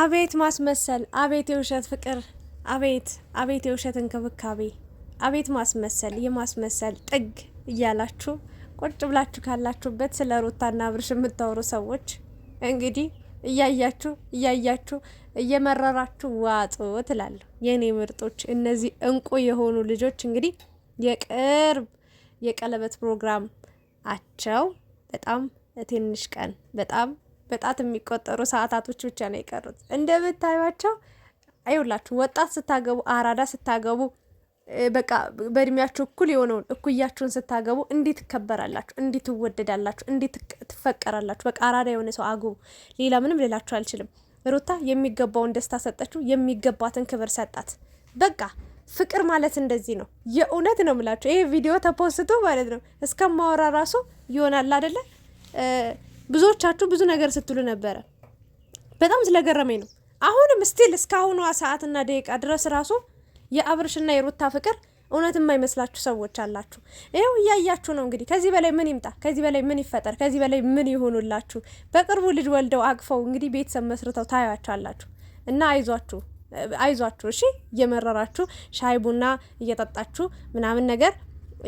አቤት ማስመሰል፣ አቤት የውሸት ፍቅር፣ አቤት አቤት የውሸት እንክብካቤ፣ አቤት ማስመሰል፣ የማስመሰል ጥግ እያላችሁ ቁጭ ብላችሁ ካላችሁበት ስለ ሩታና አብርሽ የምታወሩ ሰዎች እንግዲህ እያያችሁ እያያችሁ እየመረራችሁ ዋጡ ትላለሁ። የእኔ ምርጦች፣ እነዚህ እንቁ የሆኑ ልጆች እንግዲህ የቅርብ የቀለበት ፕሮግራም አቸው በጣም ትንሽ ቀን በጣም በጣት የሚቆጠሩ ሰዓታቶች ብቻ ነው የቀሩት። እንደምታዩቸው አይውላችሁ ወጣት ስታገቡ፣ አራዳ ስታገቡ፣ በቃ በእድሜያችሁ እኩል የሆነውን እኩያችሁን ስታገቡ እንዴት ትከበራላችሁ? እንዴት ትወደዳላችሁ? እንዴት ትፈቀራላችሁ? በቃ አራዳ የሆነ ሰው አግቡ። ሌላ ምንም ልላችሁ አልችልም። ሩታ የሚገባውን ደስታ ሰጠችው፣ የሚገባትን ክብር ሰጣት። በቃ ፍቅር ማለት እንደዚህ ነው። የእውነት ነው ምላችሁ። ይሄ ቪዲዮ ተፖስቶ ማለት ነው እስከማወራ ራሱ ይሆናል አደለ ብዙዎቻችሁ ብዙ ነገር ስትሉ ነበረ። በጣም ስለገረመኝ ነው። አሁንም ስቲል እስካሁኗ ሰዓትና ደቂቃ ድረስ ራሱ የአብርሽና የሩታ ፍቅር እውነት የማይመስላችሁ ሰዎች አላችሁ። ይኸው እያያችሁ ነው። እንግዲህ ከዚህ በላይ ምን ይምጣ? ከዚህ በላይ ምን ይፈጠር? ከዚህ በላይ ምን ይሆኑላችሁ? በቅርቡ ልጅ ወልደው አቅፈው እንግዲህ ቤተሰብ መስርተው ታያችኋላችሁ። እና አይዟችሁ አይዟችሁ፣ እሺ። እየመረራችሁ ሻይ ቡና እየጠጣችሁ ምናምን ነገር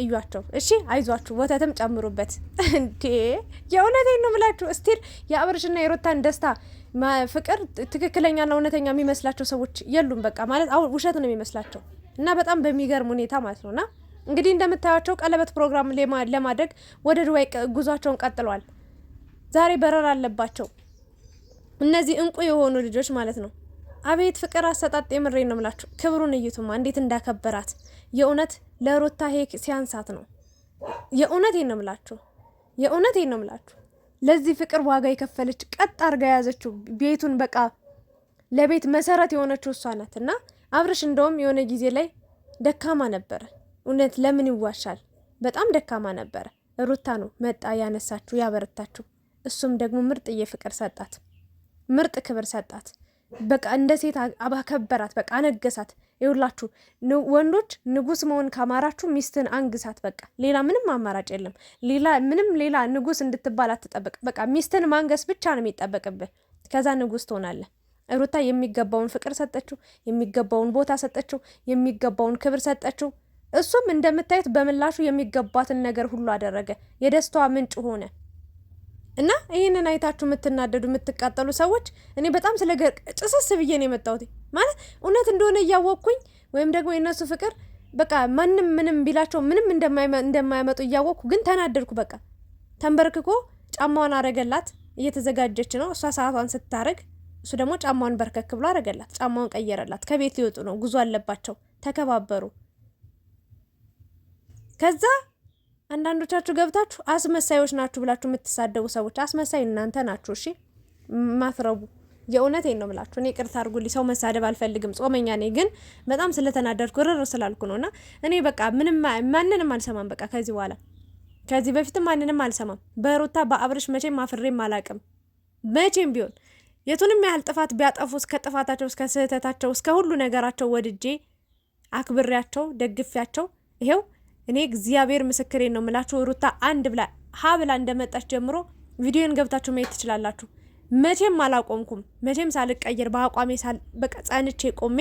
እዩዋቸው። እሺ አይዟችሁ፣ ወተትም ጨምሩበት። እንዴ የእውነቴን ነው የምላችሁ። እስቲር የአብርሽና የሮታን ደስታ ፍቅር ትክክለኛና እውነተኛ የሚመስላቸው ሰዎች የሉም። በቃ ማለት አሁን ውሸት ነው የሚመስላቸው እና በጣም በሚገርም ሁኔታ ማለት ነውና እንግዲህ እንደምታያቸው ቀለበት ፕሮግራም ለማድረግ ወደ ድዋይ ጉዟቸውን ቀጥለዋል። ዛሬ በረራ አለባቸው እነዚህ እንቁ የሆኑ ልጆች ማለት ነው። አቤት ፍቅር አሰጣጥ! የምሬ ነው ምላችሁ። ክብሩን እዩትማ እንዴት እንዳከበራት የእውነት ለሩታ ሄክ ሲያንሳት ነው። የእውነት ነው ምላችሁ፣ የእውነት ነው ምላችሁ። ለዚህ ፍቅር ዋጋ የከፈለች ቀጥ አርጋ የያዘችው ቤቱን በቃ ለቤት መሰረት የሆነችው እሷ ናት። እና አብርሽ እንደውም የሆነ ጊዜ ላይ ደካማ ነበረ። እውነት ለምን ይዋሻል? በጣም ደካማ ነበረ። ሩታ ነው መጣ ያነሳችሁ፣ ያበረታችሁ። እሱም ደግሞ ምርጥ የፍቅር ሰጣት፣ ምርጥ ክብር ሰጣት። በቃ እንደ ሴት አባከበራት፣ በቃ አነገሳት። ይውላችሁ ወንዶች ንጉስ መሆን ካማራችሁ ሚስትን አንግሳት። በቃ ሌላ ምንም አማራጭ የለም። ሌላ ምንም ሌላ ንጉስ እንድትባል አትጠበቅ። በቃ ሚስትን ማንገስ ብቻ ነው የሚጠበቅብህ። ከዛ ንጉስ ትሆናለህ። ሩታ የሚገባውን ፍቅር ሰጠችው፣ የሚገባውን ቦታ ሰጠችው፣ የሚገባውን ክብር ሰጠችው። እሱም እንደምታዩት በምላሹ የሚገባትን ነገር ሁሉ አደረገ። የደስታዋ ምንጭ ሆነ። እና ይህንን አይታችሁ የምትናደዱ የምትቃጠሉ ሰዎች እኔ በጣም ስለ ጭስስ ብዬ ነው የመጣሁት። ማለት እውነት እንደሆነ እያወቅኩኝ ወይም ደግሞ የእነሱ ፍቅር በቃ ማንም ምንም ቢላቸው ምንም እንደማያመጡ እያወቅኩ ግን ተናደድኩ። በቃ ተንበርክኮ ጫማዋን አረገላት። እየተዘጋጀች ነው እሷ ሰዓቷን ስታረግ እሱ ደግሞ ጫማውን በርከክ ብሎ አረገላት። ጫማውን ቀየረላት። ከቤት ሊወጡ ነው፣ ጉዞ አለባቸው። ተከባበሩ። ከዛ አንዳንዶቻችሁ ገብታችሁ አስመሳዮች ናችሁ ብላችሁ የምትሳደቡ ሰዎች አስመሳይ እናንተ ናችሁ። እሺ ማትረቡ የእውነቴን ነው ብላችሁ እኔ ቅርታ አድርጉልኝ፣ ሰው መሳደብ አልፈልግም፣ ጾመኛ ነኝ። ግን በጣም ስለተናደድኩ ርር ስላልኩ ነውና እኔ በቃ ምንም ማንንም አልሰማም። በቃ ከዚህ በኋላ ከዚህ በፊትም ማንንም አልሰማም። በሩታ በአብርሽ መቼም አፍሬም አላቅም። መቼም ቢሆን የቱንም ያህል ጥፋት ቢያጠፉ እስከ ጥፋታቸው እስከ ስህተታቸው እስከ ሁሉ ነገራቸው ወድጄ አክብሬያቸው ደግፌያቸው ይሄው እኔ እግዚአብሔር ምስክሬን ነው የምላችሁ። ሩታ አንድ ብላ ሀ ብላ እንደመጣች ጀምሮ ቪዲዮን ገብታችሁ ማየት ትችላላችሁ። መቼም አላቆምኩም፣ መቼም ሳልቀየር በአቋሜ በቃ ጸንቼ ቆሜ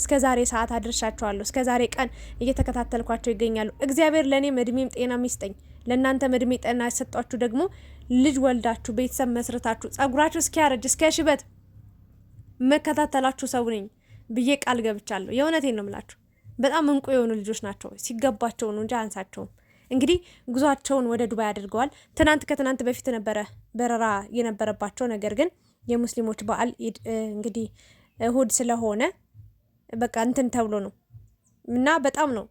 እስከ ዛሬ ሰዓት አድርሻችኋለሁ። እስከ ዛሬ ቀን እየተከታተልኳቸው ይገኛሉ። እግዚአብሔር ለእኔም እድሜም ጤና ይስጠኝ። ለእናንተ እድሜ ጤና ያሰጧችሁ ደግሞ ልጅ ወልዳችሁ ቤተሰብ መስረታችሁ ጸጉራችሁ እስኪያረጅ እስከ ሽበት መከታተላችሁ ሰው ነኝ ብዬ ቃል ገብቻለሁ። የእውነቴን ነው ምላችሁ። በጣም እንቁ የሆኑ ልጆች ናቸው። ሲገባቸው ነው እንጂ አንሳቸውም። እንግዲህ ጉዟቸውን ወደ ዱባይ አድርገዋል። ትናንት ከትናንት በፊት ነበረ በረራ የነበረባቸው ነገር ግን የሙስሊሞች በዓል እንግዲህ እሁድ ስለሆነ በቃ እንትን ተብሎ ነው እና በጣም ነው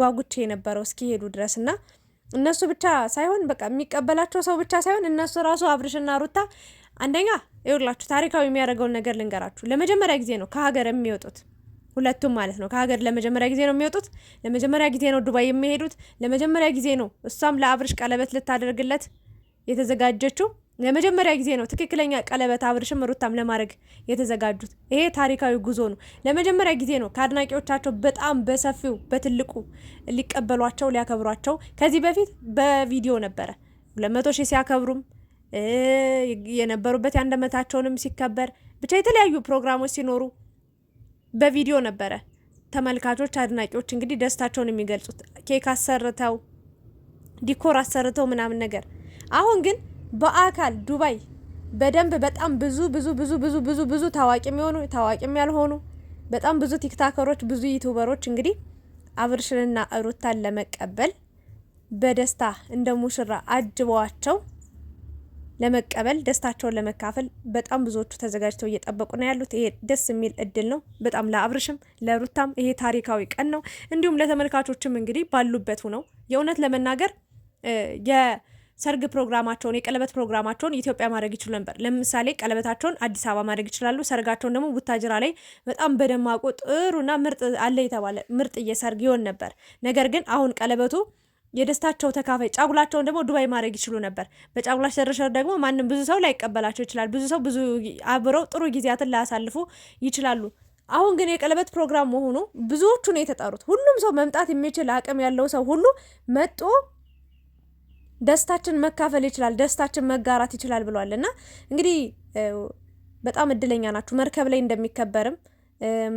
ጓጉቼ የነበረው እስኪሄዱ ድረስ እና እነሱ ብቻ ሳይሆን በቃ የሚቀበላቸው ሰው ብቻ ሳይሆን እነሱ ራሱ አብርሽና ሩታ አንደኛ ይውላችሁ ታሪካዊ የሚያደርገውን ነገር ልንገራችሁ። ለመጀመሪያ ጊዜ ነው ከሀገር የሚወጡት። ሁለቱም ማለት ነው። ከሀገር ለመጀመሪያ ጊዜ ነው የሚወጡት። ለመጀመሪያ ጊዜ ነው ዱባይ የሚሄዱት። ለመጀመሪያ ጊዜ ነው እሷም ለአብርሽ ቀለበት ልታደርግለት የተዘጋጀችው። ለመጀመሪያ ጊዜ ነው ትክክለኛ ቀለበት አብርሽም ሩታም ለማድረግ የተዘጋጁት። ይሄ ታሪካዊ ጉዞ ነው። ለመጀመሪያ ጊዜ ነው ከአድናቂዎቻቸው በጣም በሰፊው በትልቁ ሊቀበሏቸው ሊያከብሯቸው። ከዚህ በፊት በቪዲዮ ነበረ ሁለት መቶ ሺህ ሲያከብሩም የነበሩበት የአንድ ዓመታቸውንም ሲከበር ብቻ የተለያዩ ፕሮግራሞች ሲኖሩ በቪዲዮ ነበረ። ተመልካቾች አድናቂዎች እንግዲህ ደስታቸውን የሚገልጹት ኬክ አሰርተው ዲኮር አሰርተው ምናምን ነገር። አሁን ግን በአካል ዱባይ በደንብ በጣም ብዙ ብዙ ብዙ ብዙ ብዙ ብዙ ታዋቂ የሚሆኑ ታዋቂም ያልሆኑ በጣም ብዙ ቲክታከሮች ብዙ ዩቱበሮች እንግዲህ አብርሽንና ሩታን ለመቀበል በደስታ እንደ ሙሽራ አጅበዋቸው ለመቀበል ደስታቸውን ለመካፈል በጣም ብዙዎቹ ተዘጋጅተው እየጠበቁ ነው ያሉት። ይሄ ደስ የሚል እድል ነው በጣም ለአብርሽም ለሩታም ይሄ ታሪካዊ ቀን ነው። እንዲሁም ለተመልካቾችም እንግዲህ ባሉበት ሆነው የእውነት ለመናገር የሰርግ ፕሮግራማቸውን የቀለበት ፕሮግራማቸውን ኢትዮጵያ ማድረግ ይችሉ ነበር። ለምሳሌ ቀለበታቸውን አዲስ አበባ ማድረግ ይችላሉ። ሰርጋቸውን ደግሞ ቡታጅራ ላይ በጣም በደማቁ ጥሩና ምርጥ አለ የተባለ ምርጥ እየሰርግ ይሆን ነበር። ነገር ግን አሁን ቀለበቱ የደስታቸው ተካፋይ ጫጉላቸውን ደግሞ ዱባይ ማድረግ ይችሉ ነበር። በጫጉላ ሸርሸር ደግሞ ማንም ብዙ ሰው ላይቀበላቸው ይችላል። ብዙ ሰው ብዙ አብረው ጥሩ ጊዜያትን ላያሳልፉ ይችላሉ። አሁን ግን የቀለበት ፕሮግራም መሆኑ ብዙዎቹ ነው የተጠሩት። ሁሉም ሰው መምጣት የሚችል አቅም ያለው ሰው ሁሉ መጦ ደስታችን መካፈል ይችላል፣ ደስታችን መጋራት ይችላል ብሏል እና እንግዲህ በጣም እድለኛ ናችሁ። መርከብ ላይ እንደሚከበርም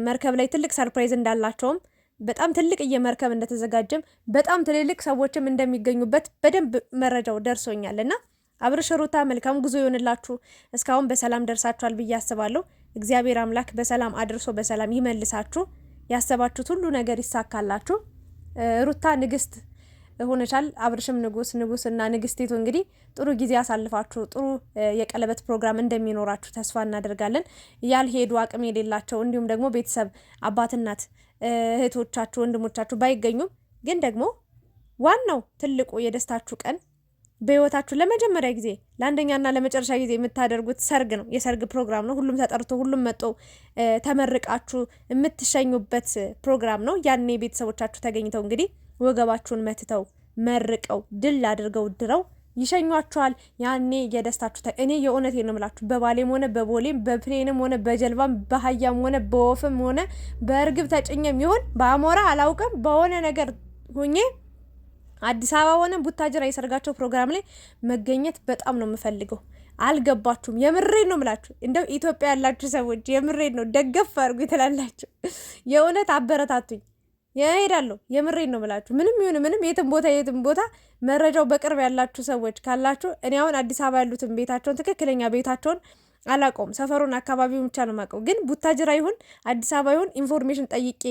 መርከብ ላይ ትልቅ ሰርፕራይዝ እንዳላቸውም በጣም ትልቅ እየመርከብ እንደተዘጋጀም በጣም ትልልቅ ሰዎችም እንደሚገኙበት በደንብ መረጃው ደርሶኛል እና አብርሽ ሩታ መልካም ጉዞ ይሆንላችሁ። እስካሁን በሰላም ደርሳችኋል ብዬ አስባለሁ። እግዚአብሔር አምላክ በሰላም አድርሶ በሰላም ይመልሳችሁ። ያሰባችሁት ሁሉ ነገር ይሳካላችሁ። ሩታ ንግስት ሆነሻል። አብርሽም ንጉስ እና ንግስቲቱ እንግዲህ ጥሩ ጊዜ አሳልፋችሁ ጥሩ የቀለበት ፕሮግራም እንደሚኖራችሁ ተስፋ እናደርጋለን። ያልሄዱ አቅም የሌላቸው እንዲሁም ደግሞ ቤተሰብ አባትናት፣ እህቶቻችሁ፣ ወንድሞቻችሁ ባይገኙም ግን ደግሞ ዋናው ትልቁ የደስታችሁ ቀን በህይወታችሁ ለመጀመሪያ ጊዜ ለአንደኛና ለመጨረሻ ጊዜ የምታደርጉት ሰርግ ነው። የሰርግ ፕሮግራም ነው። ሁሉም ተጠርቶ ሁሉም መጦ ተመርቃችሁ የምትሸኙበት ፕሮግራም ነው። ያኔ ቤተሰቦቻችሁ ተገኝተው እንግዲህ ወገባችሁን መትተው መርቀው ድል አድርገው ድረው ይሸኟቸዋል። ያኔ የደስታችሁ ታ እኔ የእውነቴ ነው ምላችሁ በባሌም ሆነ በቦሌም በፕሌንም ሆነ በጀልባም በአህያም ሆነ በወፍም ሆነ በእርግብ ተጭኘም ይሁን በአሞራ አላውቅም፣ በሆነ ነገር ሁኜ አዲስ አበባ ሆነ ቡታጅራ የሰርጋቸው ፕሮግራም ላይ መገኘት በጣም ነው የምፈልገው። አልገባችሁም? የምሬን ነው ምላችሁ። እንደው ኢትዮጵያ ያላችሁ ሰዎች የምሬን ነው ደገፍ አድርጉ ትላላችሁ። የእውነት አበረታቱኝ። ይሄዳለሁ። የምሬን ነው የምላችሁ። ምንም ይሁን ምንም፣ የትም ቦታ የትም ቦታ መረጃው በቅርብ ያላችሁ ሰዎች ካላችሁ እኔ አሁን አዲስ አበባ ያሉትን ቤታቸውን ትክክለኛ ቤታቸውን አላውቀውም። ሰፈሩን አካባቢውን ብቻ ነው የማውቀው። ግን ቡታጅራ ይሁን አዲስ አበባ ይሁን ኢንፎርሜሽን ጠይቄ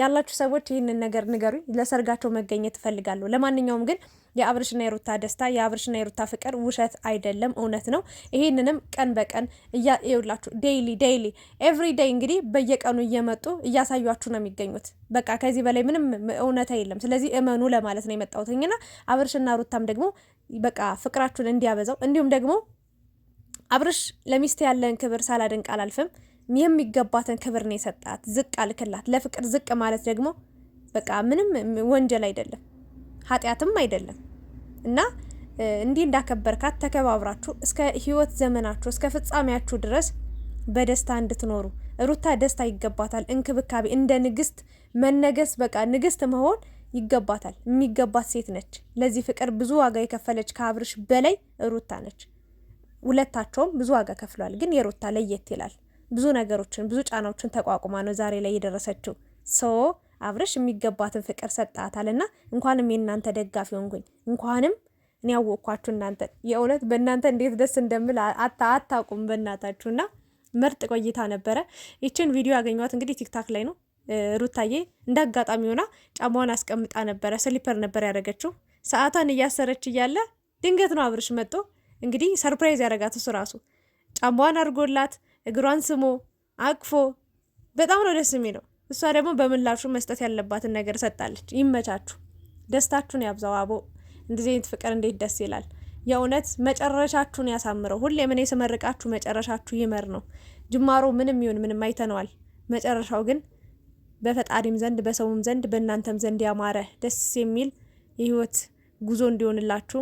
ያላችሁ ሰዎች ይህንን ነገር ንገሩኝ። ለሰርጋቸው መገኘት እፈልጋለሁ። ለማንኛውም ግን የአብርሽና የሩታ ደስታ የአብርሽና የሩታ ፍቅር ውሸት አይደለም፣ እውነት ነው። ይህንንም ቀን በቀን እያላችሁ ዴይሊ ዴይሊ ኤቭሪ ዴይ እንግዲህ በየቀኑ እየመጡ እያሳዩችሁ ነው የሚገኙት። በቃ ከዚህ በላይ ምንም እውነታ የለም። ስለዚህ እመኑ ለማለት ነው የመጣሁትኝና አብርሽና ሩታም ደግሞ በቃ ፍቅራችሁን እንዲያበዛው እንዲሁም ደግሞ አብርሽ ለሚስት ያለን ክብር ሳላደንቅ አላልፍም። የሚገባትን ክብር ነው የሰጣት፣ ዝቅ አልክላት። ለፍቅር ዝቅ ማለት ደግሞ በቃ ምንም ወንጀል አይደለም ኃጢአትም አይደለም እና እንዲህ እንዳከበርካት ተከባብራችሁ እስከ ህይወት ዘመናችሁ እስከ ፍጻሜያችሁ ድረስ በደስታ እንድትኖሩ ሩታ ደስታ ይገባታል፣ እንክብካቤ እንደ ንግስት መነገስ በቃ ንግስት መሆን ይገባታል። የሚገባት ሴት ነች። ለዚህ ፍቅር ብዙ ዋጋ የከፈለች ከአብርሽ በላይ ሩታ ነች። ሁለታቸውም ብዙ ዋጋ ከፍለዋል። ግን የሩታ ለየት ይላል። ብዙ ነገሮችን ብዙ ጫናዎችን ተቋቁማ ነው ዛሬ ላይ የደረሰችው። ሶ አብረሽ የሚገባትን ፍቅር ሰጣታል እና እንኳንም የእናንተ ደጋፊ ሆንኩኝ እንኳንም እኔ ያወቅኳችሁ እናንተ የእውነት በእናንተ እንዴት ደስ እንደምል አታውቁም። በእናታችሁና ምርጥ ቆይታ ነበረ። ይችን ቪዲዮ ያገኘኋት እንግዲህ ቲክታክ ላይ ነው። ሩታዬ እንደ አጋጣሚ ሆና ጫማዋን አስቀምጣ ነበረ። ስሊፐር ነበር ያደረገችው። ሰዓቷን እያሰረች እያለ ድንገት ነው አብርሽ መጥቶ እንግዲህ ሰርፕራይዝ ያደረጋት እሱ ራሱ ጫማዋን አድርጎላት እግሯን ስሞ አቅፎ በጣም ነው ደስ የሚለው። እሷ ደግሞ በምላሹ መስጠት ያለባትን ነገር ሰጣለች። ይመቻችሁ፣ ደስታችሁን ያብዛው። አቦ እንደዚህ አይነት ፍቅር እንዴት ደስ ይላል! የእውነት መጨረሻችሁን ያሳምረው። ሁሌም ምን ስመርቃችሁ መጨረሻችሁ ይመር ነው። ጅማሮ ምንም ይሁን ምንም አይተነዋል። መጨረሻው ግን በፈጣሪም ዘንድ በሰውም ዘንድ በእናንተም ዘንድ ያማረ ደስ የሚል የህይወት ጉዞ እንዲሆንላችሁ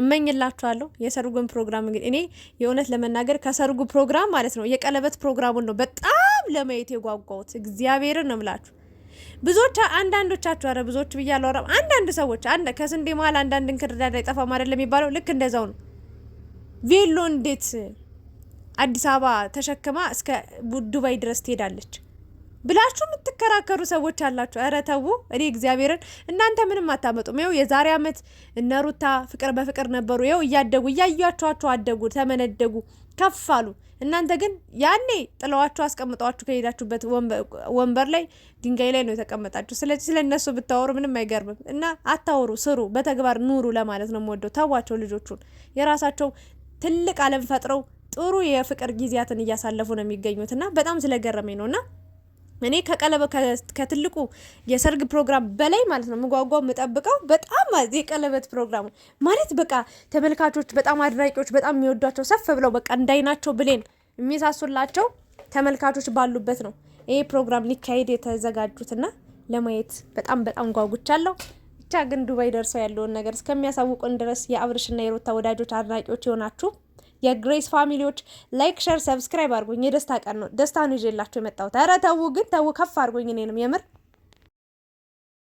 እመኝላችኋለሁ። የሰርጉን ፕሮግራም እንግዲህ እኔ የእውነት ለመናገር ከሰርጉ ፕሮግራም ማለት ነው የቀለበት ፕሮግራሙን ነው በጣም ለማየት የጓጓሁት። እግዚአብሔርን ነው ምላችሁ። ብዙዎች አንዳንዶቻችሁ፣ አረ ብዙዎች ብዬ አላወራም። አንዳንድ ሰዎች ከስንዴ መሀል አንዳንድ እንክርዳድ አይጠፋም አይደለም የሚባለው? ልክ እንደዛው ነው። ቬሎ እንዴት አዲስ አበባ ተሸክማ እስከ ዱባይ ድረስ ትሄዳለች? ብላችሁ የምትከራከሩ ሰዎች አላችሁ። እረ ተው፣ እኔ እግዚአብሔርን እናንተ ምንም አታመጡም። ይኸው የዛሬ ዓመት እነ ሩታ ፍቅር በፍቅር ነበሩ። ይኸው እያደጉ እያዩቸኋቸው አደጉ፣ ተመነደጉ፣ ከፍ አሉ። እናንተ ግን ያኔ ጥለዋችሁ አስቀምጠዋችሁ ከሄዳችሁበት ወንበር ላይ ድንጋይ ላይ ነው የተቀመጣችሁ። ስለዚህ ስለ እነሱ ብታወሩ ምንም አይገርምም። እና አታወሩ፣ ስሩ፣ በተግባር ኑሩ ለማለት ነው የምወደው። ተዋቸው ልጆቹን የራሳቸው ትልቅ ዓለም ፈጥረው ጥሩ የፍቅር ጊዜያትን እያሳለፉ ነው የሚገኙት እና በጣም ስለገረመኝ ነው እና እኔ ከቀለበ ከትልቁ የሰርግ ፕሮግራም በላይ ማለት ነው ምጓጓው የምጠብቀው በጣም የቀለበት ፕሮግራም ማለት በቃ ተመልካቾች በጣም አድናቂዎች በጣም የሚወዷቸው ሰፍ ብለው በቃ እንዳይናቸው ብሌን የሚሳሱላቸው ተመልካቾች ባሉበት ነው ይሄ ፕሮግራም ሊካሄድ የተዘጋጁትና ለማየት በጣም በጣም ጓጉቻለሁ። ብቻ ግን ዱባይ ደርሰው ያለውን ነገር እስከሚያሳውቁን ድረስ የአብርሽና የሮታ ወዳጆች አድናቂዎች የሆናችሁ የግሬስ ፋሚሊዎች ላይክ፣ ሸር፣ ሰብስክራይብ አድርጉኝ። የደስታ ቀን ነው። ደስታ ነው ይዤላችሁ የመጣሁት። ኧረ ተው ግን ተው፣ ከፍ አድርጉኝ። እኔንም የምር